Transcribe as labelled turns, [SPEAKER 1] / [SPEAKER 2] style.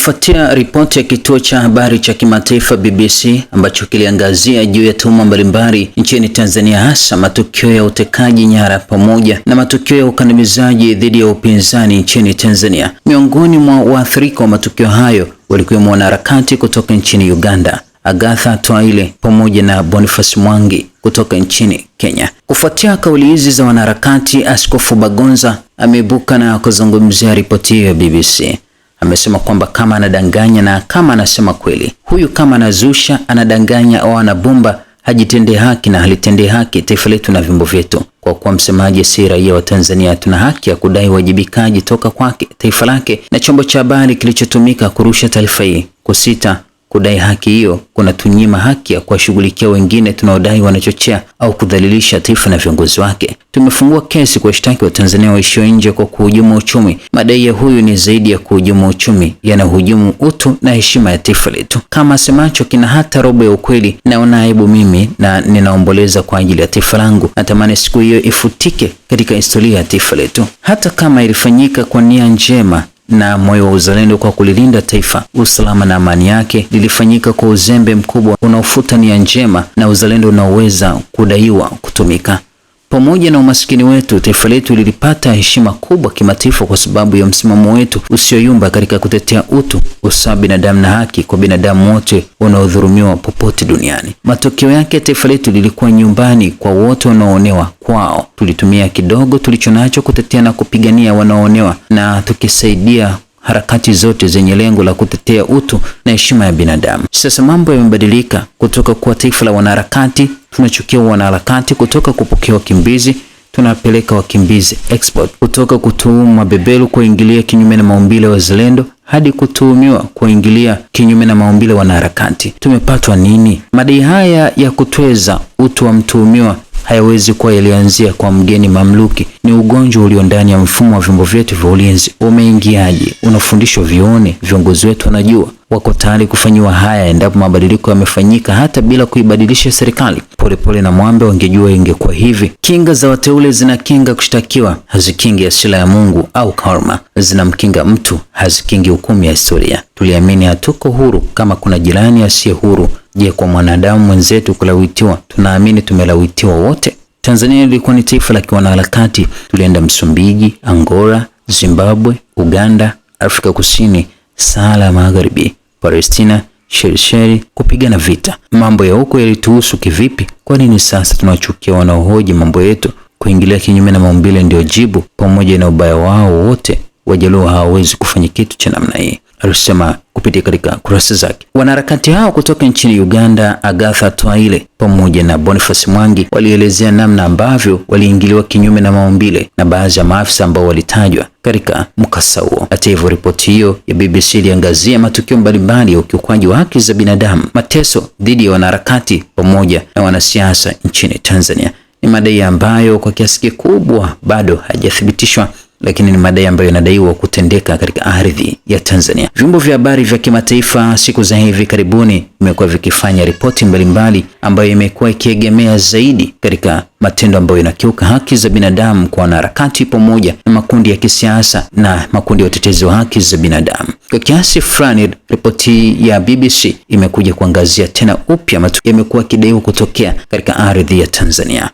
[SPEAKER 1] Kufuatia ripoti ya kituo cha habari cha kimataifa BBC ambacho kiliangazia juu ya tuhuma mbalimbali nchini Tanzania, hasa matukio ya utekaji nyara pamoja na matukio ya ukandamizaji dhidi ya upinzani nchini Tanzania, miongoni mwa waathirika wa matukio hayo walikuwemo wanaharakati kutoka nchini Uganda, Agatha Twaile pamoja na Boniface Mwangi kutoka nchini Kenya. Kufuatia kauli hizi za wanaharakati, Askofu Bagonza ameibuka na kuzungumzia ripoti hiyo ya BBC amesema kwamba kama anadanganya na kama anasema kweli, huyu kama anazusha, anadanganya au anabumba, hajitendee haki na halitendee haki taifa letu na vyombo vyetu. Kwa kuwa msemaji, si raia wa Tanzania, tuna haki ya kudai uwajibikaji toka kwake, taifa lake na chombo cha habari kilichotumika kurusha taarifa hii. Kusita Kudai haki hiyo kunatunyima haki ya kuwashughulikia wengine tunaodai wanachochea au kudhalilisha taifa na viongozi wake. Tumefungua kesi kwa washtaki wa Tanzania waishio nje kwa kuhujumu uchumi. Madai ya huyu ni zaidi ya kuhujumu uchumi, yanahujumu utu na heshima ya taifa letu. Kama asemacho kina hata robo ya ukweli, naona aibu mimi na ninaomboleza kwa ajili ya taifa langu. Natamani siku hiyo ifutike katika historia ya taifa letu, hata kama ilifanyika kwa nia njema na moyo wa uzalendo kwa kulilinda taifa, usalama na amani yake lilifanyika kwa uzembe mkubwa unaofuta nia njema na uzalendo unaoweza kudaiwa kutumika. Pamoja na umaskini wetu, taifa letu lilipata heshima kubwa kimataifa kwa sababu ya msimamo wetu usioyumba katika kutetea utu, usawa binadamu na haki kwa binadamu wote wanaodhulumiwa popote duniani. Matokeo yake, taifa letu lilikuwa nyumbani kwa wote wanaoonewa kwao. Tulitumia kidogo tulichonacho kutetea na kupigania wanaoonewa na tukisaidia harakati zote zenye lengo la kutetea utu na heshima ya binadamu. Sasa mambo yamebadilika kutoka kuwa taifa la wanaharakati, tunachukia wanaharakati, kutoka kupokea wakimbizi tunapeleka wakimbizi export, kutoka kutuhumu mabebelu kuingilia kinyume na maumbile ya wazalendo hadi kutuhumiwa kuingilia kinyume na maumbile wanaharakati. Tumepatwa nini? Madai haya ya kutweza utu wa mtuhumiwa hayawezi kuwa yalianzia kwa mgeni mamluki. Ni ugonjwa ulio ndani ya mfumo wa vyombo vyetu vya ulinzi. Umeingiaje? Unafundishwa vione Viongozi wetu wanajua, wako tayari kufanyiwa haya endapo mabadiliko yamefanyika, hata bila kuibadilisha serikali. Polepole na mwambe wangejua ingekuwa hivi. Kinga za wateule zinakinga kushtakiwa, hazikingi asila ya Mungu au karma. Zinamkinga mtu, hazikingi hukumu ya historia. Tuliamini hatuko huru kama kuna jirani asiye huru Je, kwa mwanadamu mwenzetu kulawitiwa, tunaamini tumelawitiwa wote? Tanzania ilikuwa ni taifa la kiwanaharakati. Tulienda Msumbiji, Angola, Zimbabwe, Uganda, Afrika Kusini, Sahara ya Magharibi, Palestina, Shelisheli kupigana vita. Mambo ya huko yalituhusu kivipi? Kwa nini sasa tunawachukia wanaohoji mambo yetu? Kuingilia kinyume na maumbile ndiyo jibu. Pamoja na ubaya wao wote, Wajaluo hawawezi kufanya kitu cha namna hii alisema kupitia katika kurasa zake. Wanaharakati hao kutoka nchini Uganda, Agatha Twaile pamoja na Boniface Mwangi walielezea namna ambavyo waliingiliwa kinyume na maumbile na baadhi ya maafisa ambao walitajwa katika mkasa huo. Hata hivyo, ripoti hiyo ya BBC iliangazia matukio mbalimbali ya ukiukwaji wa haki za binadamu, mateso dhidi ya wanaharakati pamoja na wanasiasa nchini Tanzania. Ni madai ambayo kwa kiasi kikubwa bado hajathibitishwa lakini ni madai ambayo yanadaiwa kutendeka katika ardhi ya Tanzania. Vyombo vya habari vya kimataifa siku za hivi karibuni vimekuwa vikifanya ripoti mbalimbali ambayo imekuwa ikiegemea zaidi katika matendo ambayo yanakiuka haki za binadamu kwa wanaharakati pamoja na makundi ya kisiasa na makundi ya utetezi wa haki za binadamu. Kwa kiasi fulani, ripoti ya BBC imekuja kuangazia tena upya matukio yamekuwa kidaiwa kutokea katika ardhi ya Tanzania.